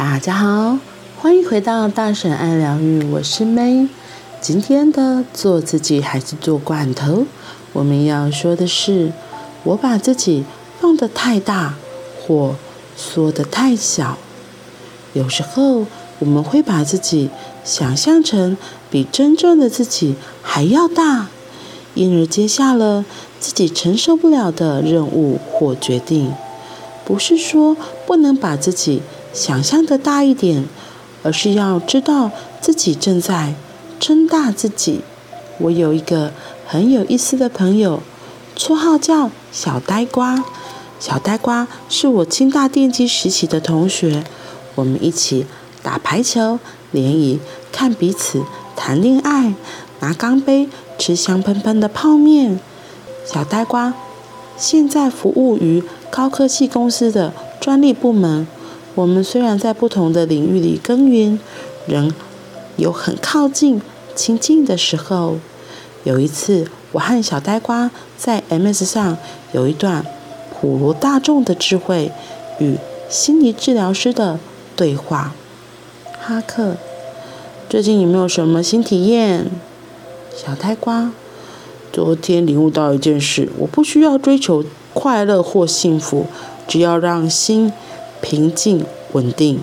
大家好，歡迎回到大神愛療癒，我是 May。今天的做自己還是做罐頭？我們要說的是，我把自己放得太大，或縮得太小。有時候我們會把自己想象成比真正的自己還要大，因而接下了自己承受不了的任務或決定。不是說不能把自己想象的大一點，而是要知道自己正在增大自己。我有一個很有意思的朋友，綽號叫小呆瓜。小呆瓜是我清大電機時期的同學，我們一起打排球、聯誼、看彼此談戀愛、拿鋼杯吃香噴噴的泡面。小呆瓜現在服務於高科技公司的專利部門。我們雖然在不同的領域裡耕耘，仍有很靠近、親近的時候。有一次，我和小呆瓜在 MS 上有一段普羅大眾的智慧與心理治療師的對話。哈克，最近有沒有什麼新體驗？小呆瓜，昨天領悟到一件事：我不需要追求快樂或幸福，只要讓心。平靜、穩定、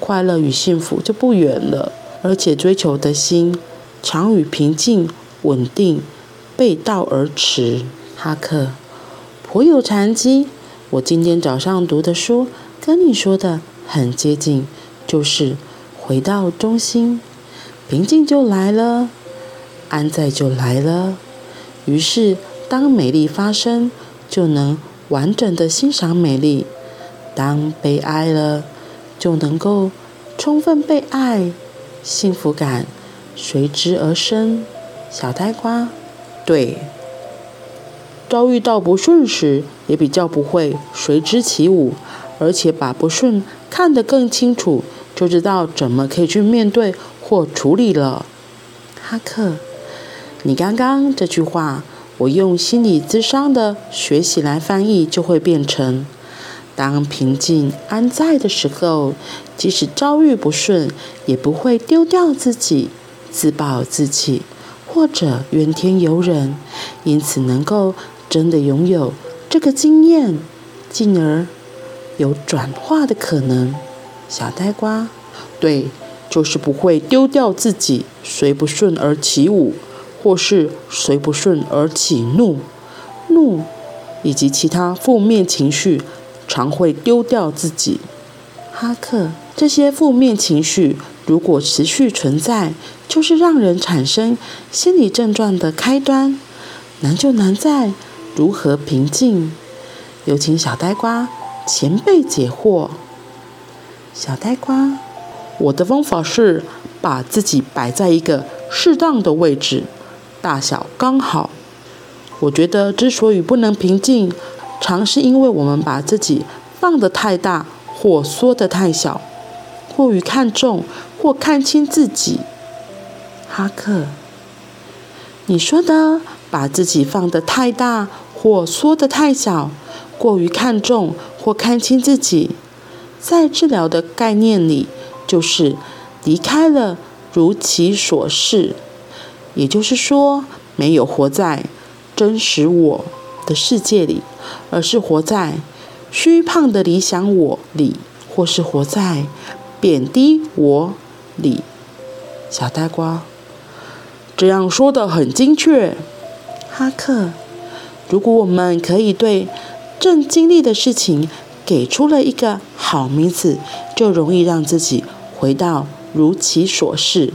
快樂與幸福就不遠了。而且追求的心常與平靜、穩定背道而馳。哈克，頗有禪機。我今天早上讀的書跟你說的很接近，就是回到中心，平靜就來了，安在就來了。於是，當美麗發生，就能完整地欣賞美麗。當被愛了，就能夠充分被愛，幸福感隨之而生。小呆瓜，對。遭遇到不順時，也比較不會隨之起舞，而且把不順看得更清楚，就知道怎麼可以去面對或處理了。哈克，你剛剛這句話，我用心理諮商的學習來翻譯，就會變成。當平靜安在的時候，即使遭遇不順，也不會丟掉自己，自暴自棄，或者怨天尤人，因此能夠真的擁有這個經驗，進而有轉化的可能。小呆瓜，對，就是不會丟掉自己，隨不順而起舞，或是隨不順而起怒。怒以及其他負面情緒。常會丟掉自己，哈克，這些負面情緒如果持續存在，就是讓人產生心理症狀的開端。難就難在如何平靜。有請小呆瓜前輩解惑。小呆瓜，我的方法是把自己擺在一個適當的位置，大小剛好。我覺得之所以不能平靜，常是因為我們把自己放得太大，或縮得太小，過於看重或看輕自己。哈克，你說的“把自己放得太大”或“縮得太小”，過於看重或看輕自己，在治療的概念裡，就是離開了如其所是，也就是說，沒有活在真實我。的世界裡，而是活在虛胖的理想我裡，或是活在貶低我裡，小呆瓜。這樣說得很精確，哈克。如果我們可以對正經歷的事情給出了一個好名字，就容易讓自己回到如其所是。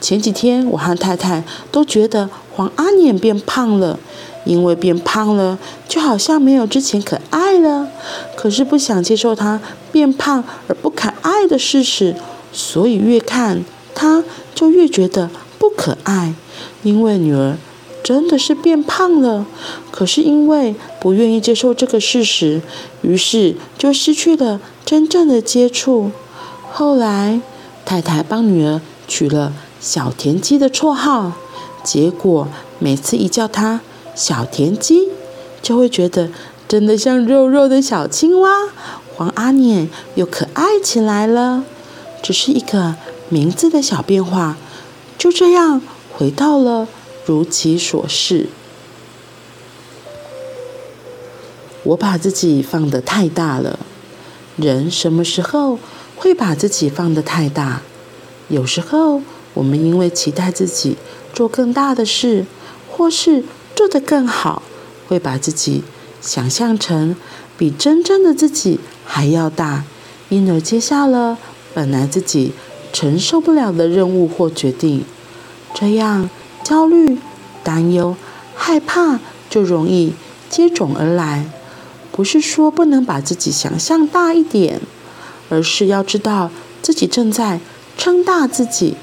前幾天我和太太都覺得黃阿念變胖了。因為變胖了，就好像沒有之前可愛了。可是不想接受她變胖而不可愛的事實，所以越看她就越覺得不可愛。因為女兒真的是變胖了，可是因為不願意接受這個事實，於是就失去了真正的接觸。後來太太幫女兒取了“小田雞”的綽號，結果每次一叫她。小田雞就會覺得真的像肉肉的小青蛙，黃阿念又可愛起來了。只是一個名字的小變化，就這樣回到了如其所是。我把自己放得太大了。人什麼時候會把自己放得太大？有時候我們因為期待自己做更大的事，或是。做得更好，會把自己想象成比真正的自己還要大，因而接下了本來自己承受不了的任務或決定，這樣焦慮、擔憂、害怕就容易接踵而來。不是說不能把自己想象大一點，而是要知道自己正在撐大自己。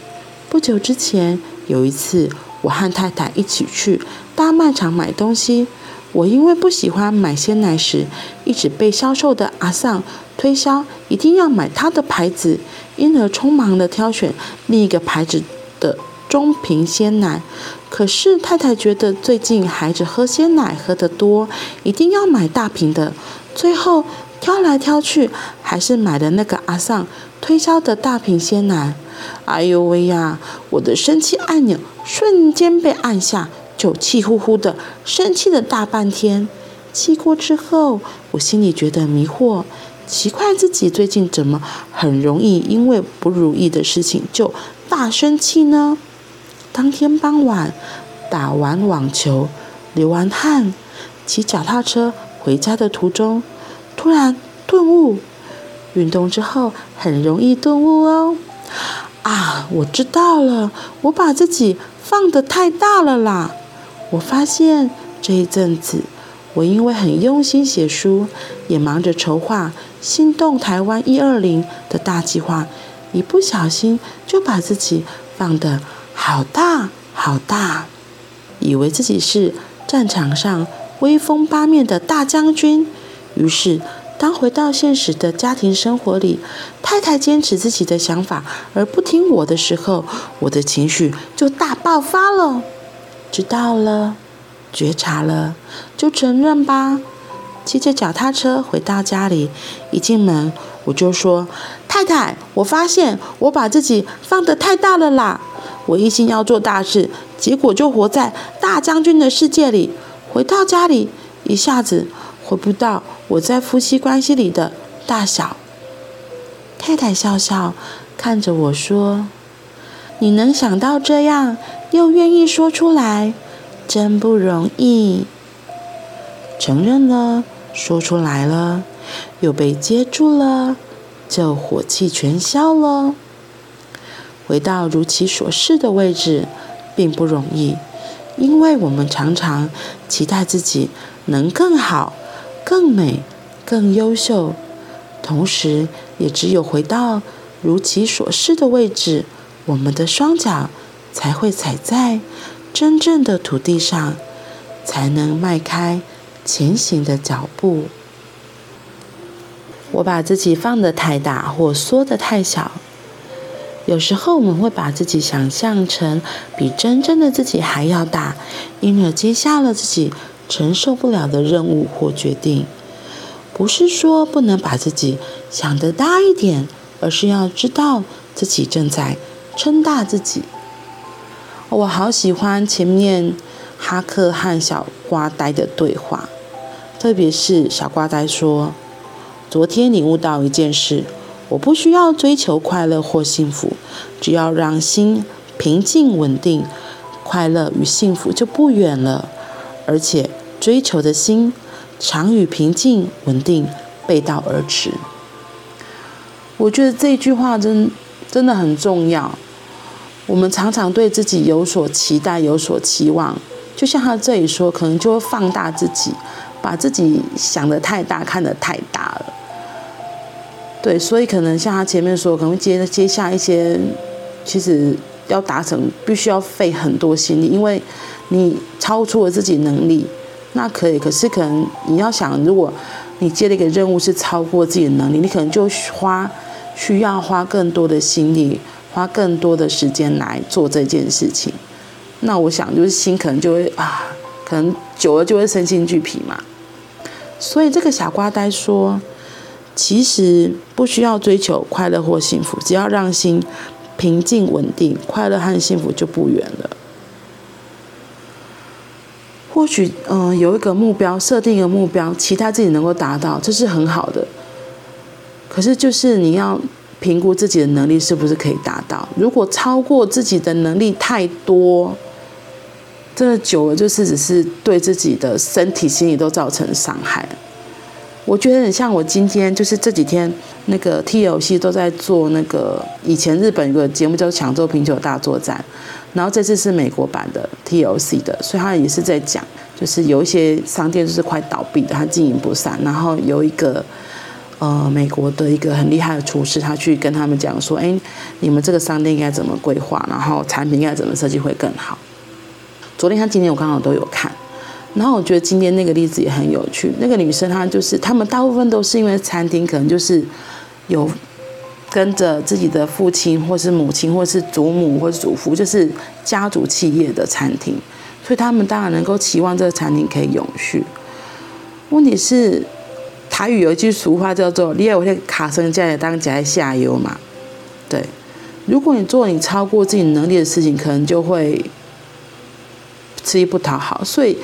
不久之前有一次。我和太太一起去大賣場買東西，我因為不喜歡買鮮奶時一直被銷售的阿桑推銷一定要買他的牌子，因而匆忙地挑選另一個牌子的中瓶鮮奶。可是太太覺得最近孩子喝鮮奶喝得多，一定要買大瓶的，最後挑來挑去還是買了那個阿桑推銷的大瓶鮮奶。哎呦喂呀！我的生氣按鈕瞬間被按下，就氣呼呼的生氣了大半天。氣過之後，我心裡覺得迷惑，奇怪自己最近怎麼很容易因為不如意的事情就大生氣呢？當天傍晚打完網球，流完汗，騎腳踏車回家的途中，突然頓悟，運動之後很容易頓悟哦。啊，我知道了，我把自己放得太大了啦！我發現這一陣子，我因為很用心寫書，也忙着籌劃“心動臺灣一二零”的大計劃，一不小心就把自己放得好大好大，以為自己是戰場上威風八面的大將軍，於是，當回到現實的家庭生活裡，太太堅持自己的想法而不聽我的時候，我的情緒就大爆發了。知道了，覺察了，就承認吧。騎着腳踏車回到家裡，一進門我就說：“太太，我發現我把自己放得太大了啦！我一心要做大事，結果就活在大將軍的世界裡。回到家裡，一下子回不到。”我在夫妻關係裡的大小，太太笑笑看着我說：“你能想到這樣，又願意說出來，真不容易。承認了，說出來了，又被接住了，就火氣全消了。回到如其所是的位置，並不容易，因為我們常常期待自己能更好。”更美、更優秀，同時也只有回到如其所是的位置，我們的雙腳才會踩在真正的土地上，才能邁開前行的腳步。我把自己放得太大，或縮得太小。有時候我們會把自己想象成比真正的自己還要大，因而接下了自己，承受不了的任務或決定，不是說不能把自己想得大一點，而是要知道自己正在撐大自己。我好喜歡前面哈克和小瓜呆的對話，特別是小瓜呆說：“昨天領悟到一件事，我不需要追求快樂或幸福，只要讓心平靜穩定，快樂與幸福就不遠了。”而且追求的心常與平靜穩定背道而馳。我覺得這句話真真的很重要。我們常常對自己有所期待、有所期望，就像他這裡說，可能就會放大自己，把自己想得太大、看得太大了。對，所以可能像他前面說，可能接接下一些，其實。要達成，必須要費很多心力，因為，你超出了自己能力，那可以。可是可能你要想，如果你接了一個任務是超過自己的能力，你可能就花需要花更多的心力，花更多的時間來做這件事情。那我想，就是心可能就會啊，可能久了就會身心俱疲嘛。所以這個小瓜呆說，其實不需要追求快樂或幸福，只要讓心。平靜、穩定、快樂和幸福就不遠了。或許，嗯，有一個目標，設定一個目標，期待自己能夠達到，這是很好的。可是，就是你要評估自己的能力是不是可以達到。如果超過自己的能力太多，真的久了，就是只是對自己的身體、心理都造成傷害。我覺得很像我今天就是這幾天那個 TLC 都在做那個以前日本有個節目叫《搶救貧窮大作戰》，然後這次是美國版的 TLC 的，所以他也是在講，就是有一些商店就是快倒閉的，他經營不善，然後有一個呃美國的一個很厲害的廚師，他去跟他們講說，哎，你們這個商店應該怎麼規劃，然後產品應該怎麼設計會更好。昨天他今天我剛好都有看。然後我覺得今天那個例子也很有趣。那個女生她就是，他們大部分都是因為餐廳可能就是有跟着自己的父親或是母親或是祖母或是祖父，就是家族企業的餐廳，所以他們當然能夠期望這個餐廳可以永續。問題是，台語有一句俗話叫做“你要有我些卡生家也當家在下游嘛”。對，如果你做你超過自己能力的事情，可能就會吃力不討好，所以。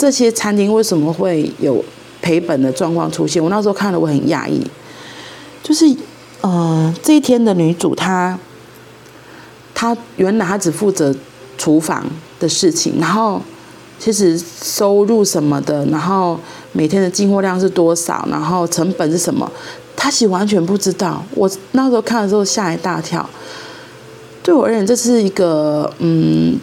這些餐廳為什麼會有賠本的狀況出現？我那時候看了我很訝異，就是呃，這一天的女主她，她原來她只負責廚房的事情，然後其實收入什麼的，然後每天的進貨量是多少，然後成本是什麼，她是完全不知道。我那時候看的時候嚇一大跳，對我而言這是一個嗯。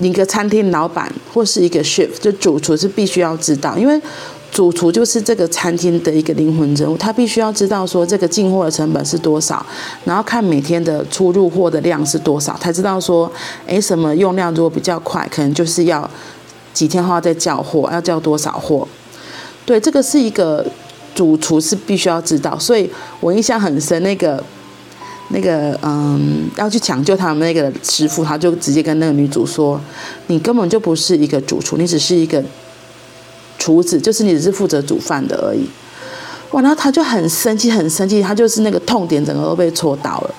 一個餐廳老闆或是一個 chef，就主廚是必須要知道，因為主廚就是這個餐廳的一個靈魂人物，他必須要知道說這個進貨的成本是多少，然後看每天的出入貨的量是多少，才知道說，誒什麼用量如果比較快，可能就是要幾天後再叫貨，要叫多少貨？對，這個是一個主廚是必須要知道，所以我印象很深那個。那個嗯，要去搶救他們那個師傅，他就直接跟那個女主說：“你根本就不是一個主廚，你只是一個廚子，就是你只是負責煮飯的而已。”哇，然後他就很生氣，很生氣，他就是那個痛點，整個都被戳到了。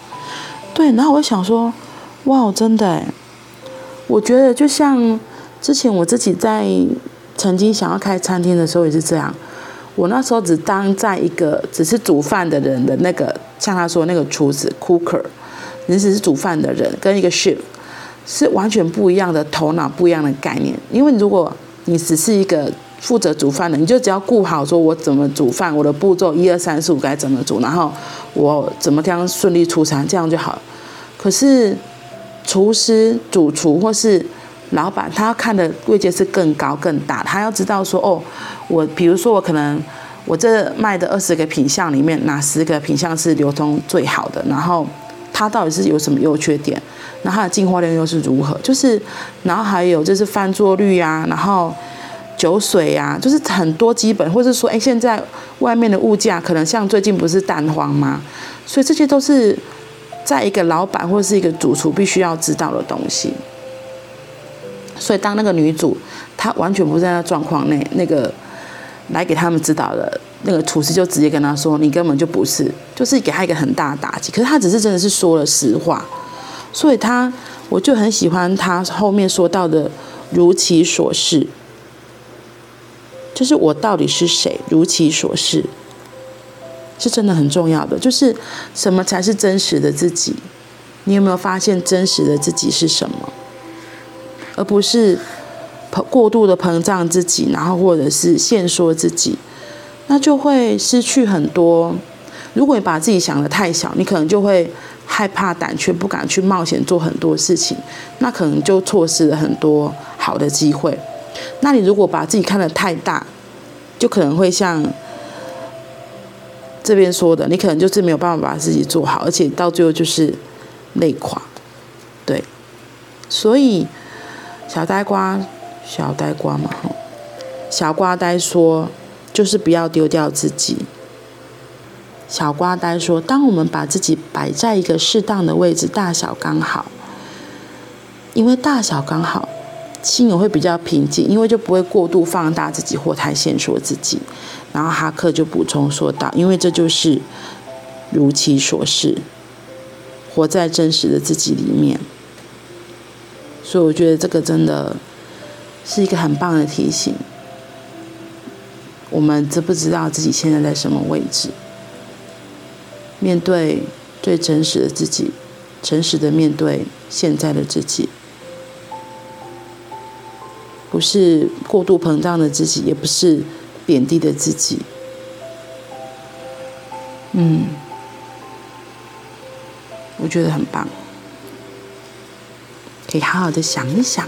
對，然後我就想說，哇哦，真的哎，我覺得就像之前我自己在曾經想要開餐廳的時候也是這樣。我那時候只當在一個只是煮飯的人的那個，像他說那個廚子 （cooker），你只是煮飯的人，跟一個 chef 是完全不一樣的頭腦、不一樣的概念。因為如果你只是一個負責煮飯的人，你就只要顧好說，我怎麼煮飯，我的步驟一二三四五該怎麼煮，然後我怎麼樣順利出餐，這樣就好了。可是廚師、主廚或是老闆，他要看的位置是更高更大，他要知道說，哦。我比如說，我可能我這賣的二十個品相裡面，哪十個品相是流通最好的？然後它到底是有什麼優缺點？那它的進貨量又是如何？就是，然後還有就是翻桌率啊，然後酒水呀、啊，就是很多基本，或者說，哎，現在外面的物價可能像最近不是蛋荒嗎？所以這些都是在一個老板或是一個主廚必須要知道的東西。所以當那個女主她完全不是在那狀況內，那個。來給他們指導的那個廚師就直接跟他說：“你根本就不是，就是給他一個很大的打擊。”可是他只是真的是說了實話，所以他我就很喜歡他後面說到的“如其所是”，就是我到底是誰？如其所是是真的很重要的，就是什麼才是真實的自己？你有沒有發現真實的自己是什麼？而不是。過度的膨脹自己，然後或者是限縮自己，那就會失去很多。如果你把自己想得太小，你可能就會害怕膽怯，不敢去冒險做很多事情，那可能就錯失了很多好的機會。那你如果把自己看得太大，就可能會像這邊說的，你可能就是沒有辦法把自己做好，而且到最後就是累垮。對，所以小呆瓜。小呆瓜嘛，小瓜呆，呆說，就是不要丟掉自己。小瓜呆，呆說，當我們把自己擺在一個適當的位置，大小剛好，因為大小剛好，親友會比較平靜，因為就不會過度放大自己或太限縮自己。然後哈克就補充說道，因為這就是如其所是，活在真實的自己裡面。所以我覺得這個真的。是一個很棒的提醒。我們知不知道自己現在在什麼位置？面對最真實的自己，誠實的面對現在的自己，不是過度膨脹的自己，也不是貶低的自己。嗯，我覺得很棒，可以好好的想一想。